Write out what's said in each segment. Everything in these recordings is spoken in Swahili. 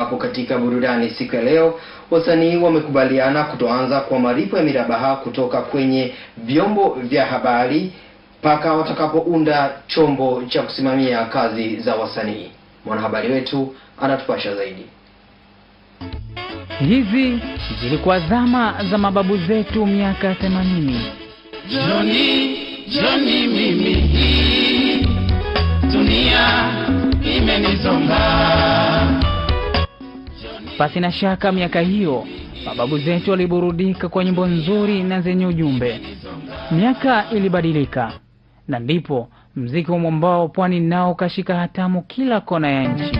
Hapo katika burudani siku ya leo, wasanii wamekubaliana kutoanza kwa malipo ya mirabaha kutoka kwenye vyombo vya habari mpaka watakapounda chombo cha kusimamia kazi za wasanii. Mwanahabari wetu anatupasha zaidi. Hizi zilikuwa zama za mababu zetu miaka 80. Joni, joni mimi hii dunia imenizonga Pasi na shaka, miaka hiyo mababu zetu waliburudika kwa nyimbo nzuri na zenye ujumbe. Miaka ilibadilika, na ndipo mziki wa mwambao pwani nao ukashika hatamu kila kona ya nchi.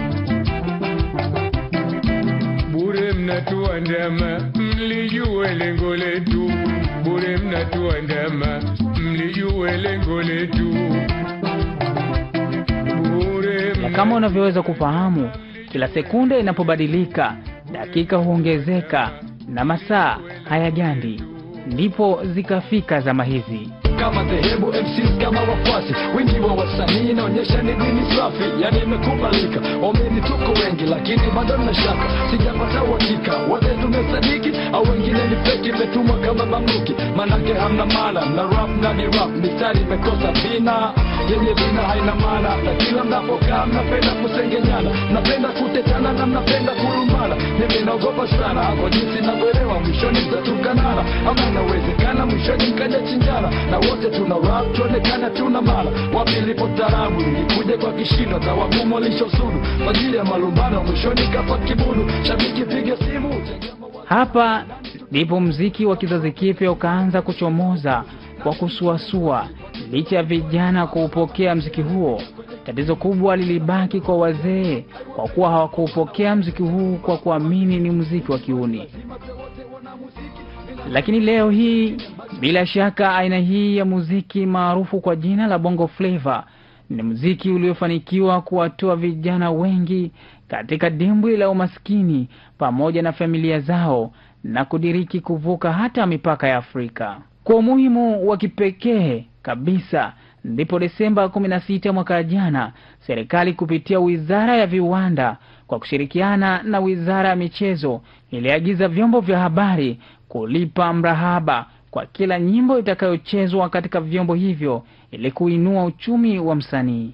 Bure mnatuandama, mlijue lengo letu. Bure mnatuandama, mlijue lengo letu. Kama unavyoweza kufahamu, kila sekunde inapobadilika dakika huongezeka na masaa hayagandi, ndipo zikafika zama hizi kama dhehebu MCs kama wafuasi wingi wa wasanii inaonyesha ni dini safi, yani imekubalika. Waamini tuko wengi, lakini bado na shaka, sijapata uhakika wote tumesadiki au wengine ni feki, imetumwa kama mamluki, manake hamna mala na rap na ni rap, mistari imekosa bina yenye vina haina maana. Na kila mnapokaa mnapenda kusengenyana, mnapenda kutetana na mnapenda kulumbana. Mimi naogopa sana kwa jinsi navyoelewa, mwishoni mtatukanana, ama inawezekana mwishoni mkajachinjana na wote tuna rap tuonekana tuna mala. Wapi lipo tarabu? Nilikuja kwa kishindo na wagumu lishosudu kwa ajili ya malumbano, mwishoni kafa kibudu. Shabiki piga simu hapa ndipo mziki wa kizazi kipya ukaanza kuchomoza kwa kusuasua. Licha ya vijana kuupokea mziki huo, tatizo kubwa lilibaki kwa wazee, kwa kuwa hawakuupokea mziki huu kwa kuamini ni mziki wa kiuni. Lakini leo hii bila shaka, aina hii ya muziki maarufu kwa jina la Bongo Flava ni muziki uliofanikiwa kuwatoa vijana wengi katika dimbwi la umaskini pamoja na familia zao na kudiriki kuvuka hata mipaka ya Afrika. Kwa umuhimu wa kipekee kabisa ndipo Desemba 16 mwaka jana, serikali kupitia Wizara ya Viwanda kwa kushirikiana na Wizara ya Michezo iliagiza vyombo vya habari kulipa mrahaba kwa kila nyimbo itakayochezwa katika vyombo hivyo ili kuinua uchumi wa msanii.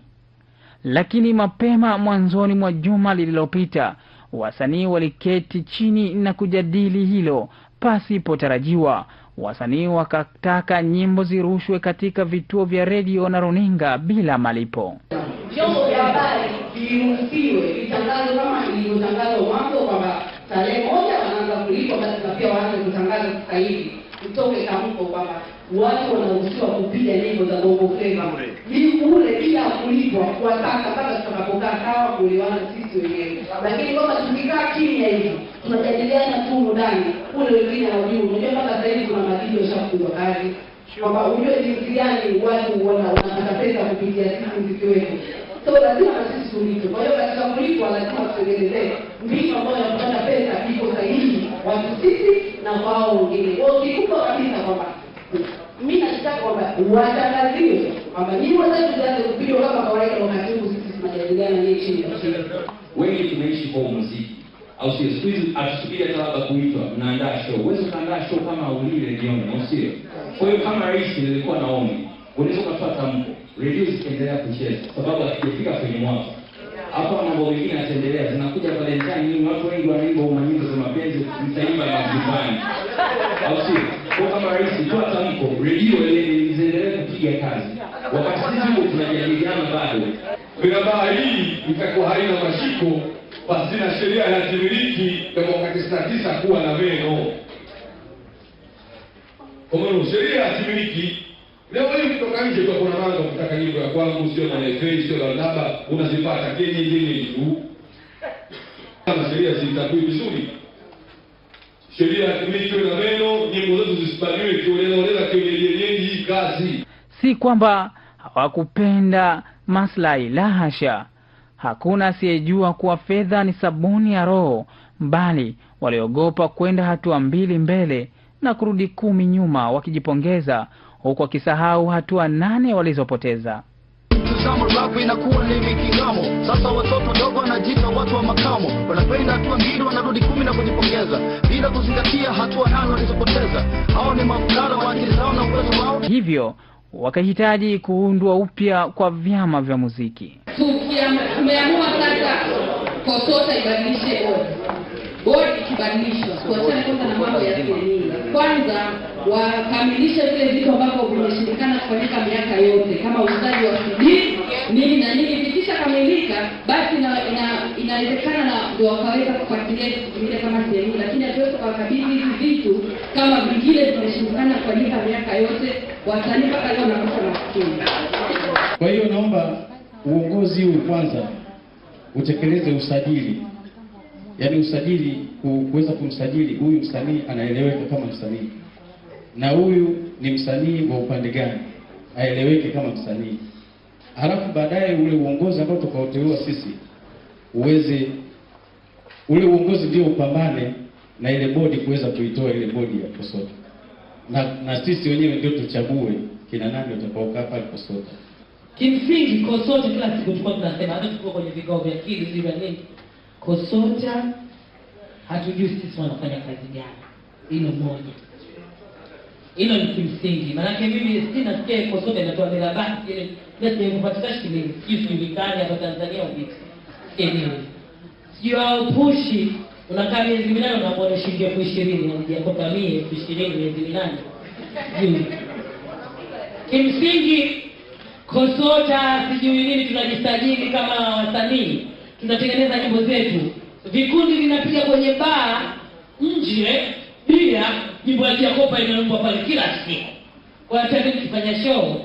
Lakini mapema mwanzoni mwa juma lililopita, wasanii waliketi chini na kujadili hilo pasipotarajiwa wasanii wakataka nyimbo zirushwe katika vituo vya redio na runinga bila malipo. Vyombo vya habari viruhusiwe vitangazo kama ilivyotangaza mwanzo kwamba tarehe moja wanaanza kulipwa, basi pia waanze kutangaza sasa hivi, utoke tamko kwamba watu wanaruhusiwa kupiga nyimbo za bongo fleva ni bure bila kulipwa, kuwataka mpaka tutakapokaa sawa kuelewana sisi wenyewe. Lakini kwamba tukikaa ya hivo tunajadiliana tu ndani kule, wengine hawajui. Unajua, mpaka sahivi kuna madini yashakujwa kazi kwamba ujue jinsi gani watu wanapata pesa kupitia sisi zikiwepo so lazima na sisi tulipwe. Kwa hiyo katika kulipwa lazima tutengelezee mbinu ambayo ya pesa iko sahihi watu sisi na wao wengine, kwao kikubwa kabisa kwamba kwamba watangazie kwamba nyinyi watatu zazi kupigwa kama kawaida, wakatibu sisi tunajadiliana nyinyi chini ya chini. Wengi tunaishi kwa muziki, au sio? Siku hizi atusubiri hata labda kuitwa, mnaandaa show. Huwezi ukaandaa show kama ulile jioni, au sio? Kwa hiyo kama rais nilikuwa naombi, unaweza ukatoa tamko, redio zikaendelea kucheza, sababu akijafika kwenye mwaka hapo mambo mengine yataendelea, zinakuja Valentine nini, watu wengi wanaimba umanyimbo za mapenzi, mtaimba majumbani, au sio? Kwa kama rais toa tamko, redio kuipigia kazi, wakati sisi tunajadiliana bado. Miraba hii itakuwa haina mashiko basi na sheria ya timiliki ya mwaka tisini na tisa kuwa na meno. Kwa maana sheria ya timiliki leo hii kutoka nje kwa kuna mambo kutaka nyimbo ya kwangu sio na FA sio na naba unazipata kenye nyingine tu. Kama sheria zitakuwa vizuri. Sheria ya kimiliki na meno, nyimbo zetu zisibaniwe kiolela olela kwenye hii kazi. Si kwamba hawakupenda maslahi, la hasha. Hakuna asiyejua kuwa fedha ni sabuni ya roho, mbali waliogopa kwenda hatua mbili mbele na kurudi kumi nyuma, wakijipongeza huku wakisahau hatua nane walizopoteza. Rapu inakuwa ni mikingamo sasa. Watoto dogo wanajiita watu wa makamo, wanapenda hatua mbili, wanarudi kumi na kujipongeza bila kuzingatia hatua nane walizopoteza. Hao ni mafulala wa akili zao na uwezo wao, hivyo wakahitaji kuundwa upya kwa vyama vya muziki. Tumeamua sasa KOSOTA ibadilishe bodi, bodi ikibadilishwa, tuachane kwanza na mambo ya senii, kwanza wakamilishe vile vitu ambavyo vimeshindikana kufanyika miaka yote kama uuzaji wa sijii nini na nini, vikishakamilika basi inawezekana wakaweza kufuatilia kutumia kama sehemu, lakini hatuwezi kuwakabidhi hivi vitu kama vingine vimeshindikana kufanyika miaka yote, wasanii mpaka leo wanakosa masikini. Kwa hiyo naomba uongozi huu kwanza utekeleze usajili, yaani usajili, kuweza kumsajili huyu msanii anaeleweka kama msanii na huyu ni msanii wa upande gani, aeleweke kama msanii, halafu baadaye ule uongozi ambao tukauteua sisi uweze Ule uongozi ndio upambane na ile bodi kuweza kuitoa ile bodi ya Posota, na na sisi wenyewe ndio tuchague kina nani watakaokaa pale Posota. Kimsingi Kosota kila siku tulikuwa tunasema, hata tuko kwenye vikao vya kili zile nini, Kosota hatujui sisi wanafanya kazi gani. Hilo moja, hilo ni kimsingi. Maanake mimi si nasikia Kosota inatoa basi ile ile sehemu patikashi, sijui sijulikani hapa Tanzania uvipi enyewe Jua unakaa miezi minane unakuona shilingi elfu ishirini haujakopa mie elfu ishirini miezi minane juu. Kimsingi KOSOTA sijui nini, tunajisajili kama wasanii, tunatengeneza nyimbo zetu, vikundi vinapiga kwenye baa nje bila nyimbo ya Jakopa inaombwa pale kila siku, kwa sababu tukifanya show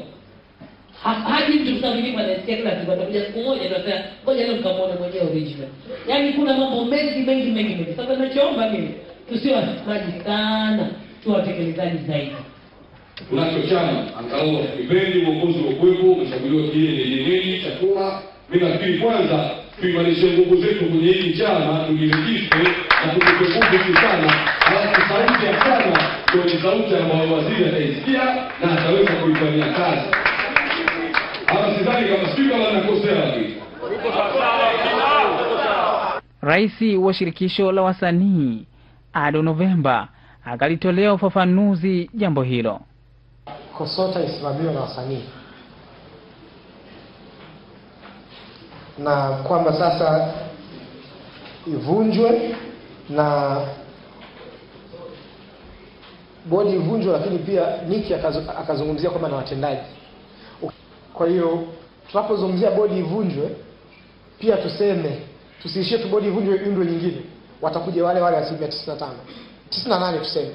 haji mtu kusalimia kwa nasikia kila siku atakuja siku moja ndio sasa ngoja leo mkamwone mwenyewe original. Yaani kuna mambo mengi mengi mengi mengi. Sasa ninachoomba mimi tusiwe wasemaji sana, tuwe watekelezaji zaidi. Kunacho chama angalau kipindi uongozi wa kwepo umechaguliwa kile ni nini chakula. Mimi nafikiri kwanza tuimarishe nguvu zetu kwenye hii chama tujirikishe na tukupe sana, halafu sauti ya chama ndio sauti ambayo waziri ataisikia na ataweza kuifanyia kazi kama spika Rais wa shirikisho la wasanii Ado Novemba akalitolea ufafanuzi jambo hilo. KOSOTA isimamiwe na wasanii na kwamba sasa ivunjwe na bodi ivunjwe, lakini pia Niki akazungumzia kwamba na watendaji kwa hiyo tunapozungumzia bodi ivunjwe, pia tuseme tusiishie tu bodi ivunjwe iundwe nyingine, watakuja wale wale asilimia tisini na tano tisini na nane tuseme.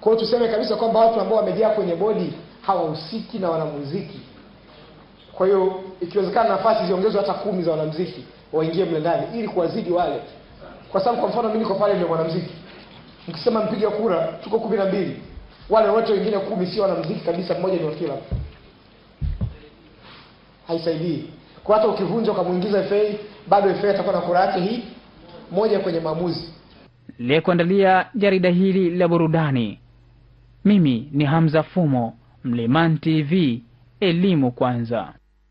Kwa hiyo tuseme kabisa kwamba watu ambao wamejaa kwenye bodi hawahusiki na wanamuziki. Kwa hiyo ikiwezekana, nafasi ziongezwe hata kumi za wanamuziki waingie mle ndani, ili kuwazidi wale, kwa sababu kwa mfano mimi niko pale ndio mwanamuziki, mkisema mpiga kura, tuko kumi na mbili, wale wote wengine kumi sio wanamuziki kabisa, mmoja ni wa filamu haisaidii. Kwa hata ukivunja ukamwingiza FA bado FA atakuwa na kura yake hii moja kwenye maamuzi. Liyekuandalia jarida hili la burudani, mimi ni Hamza Fumo, Mlimani TV, elimu kwanza.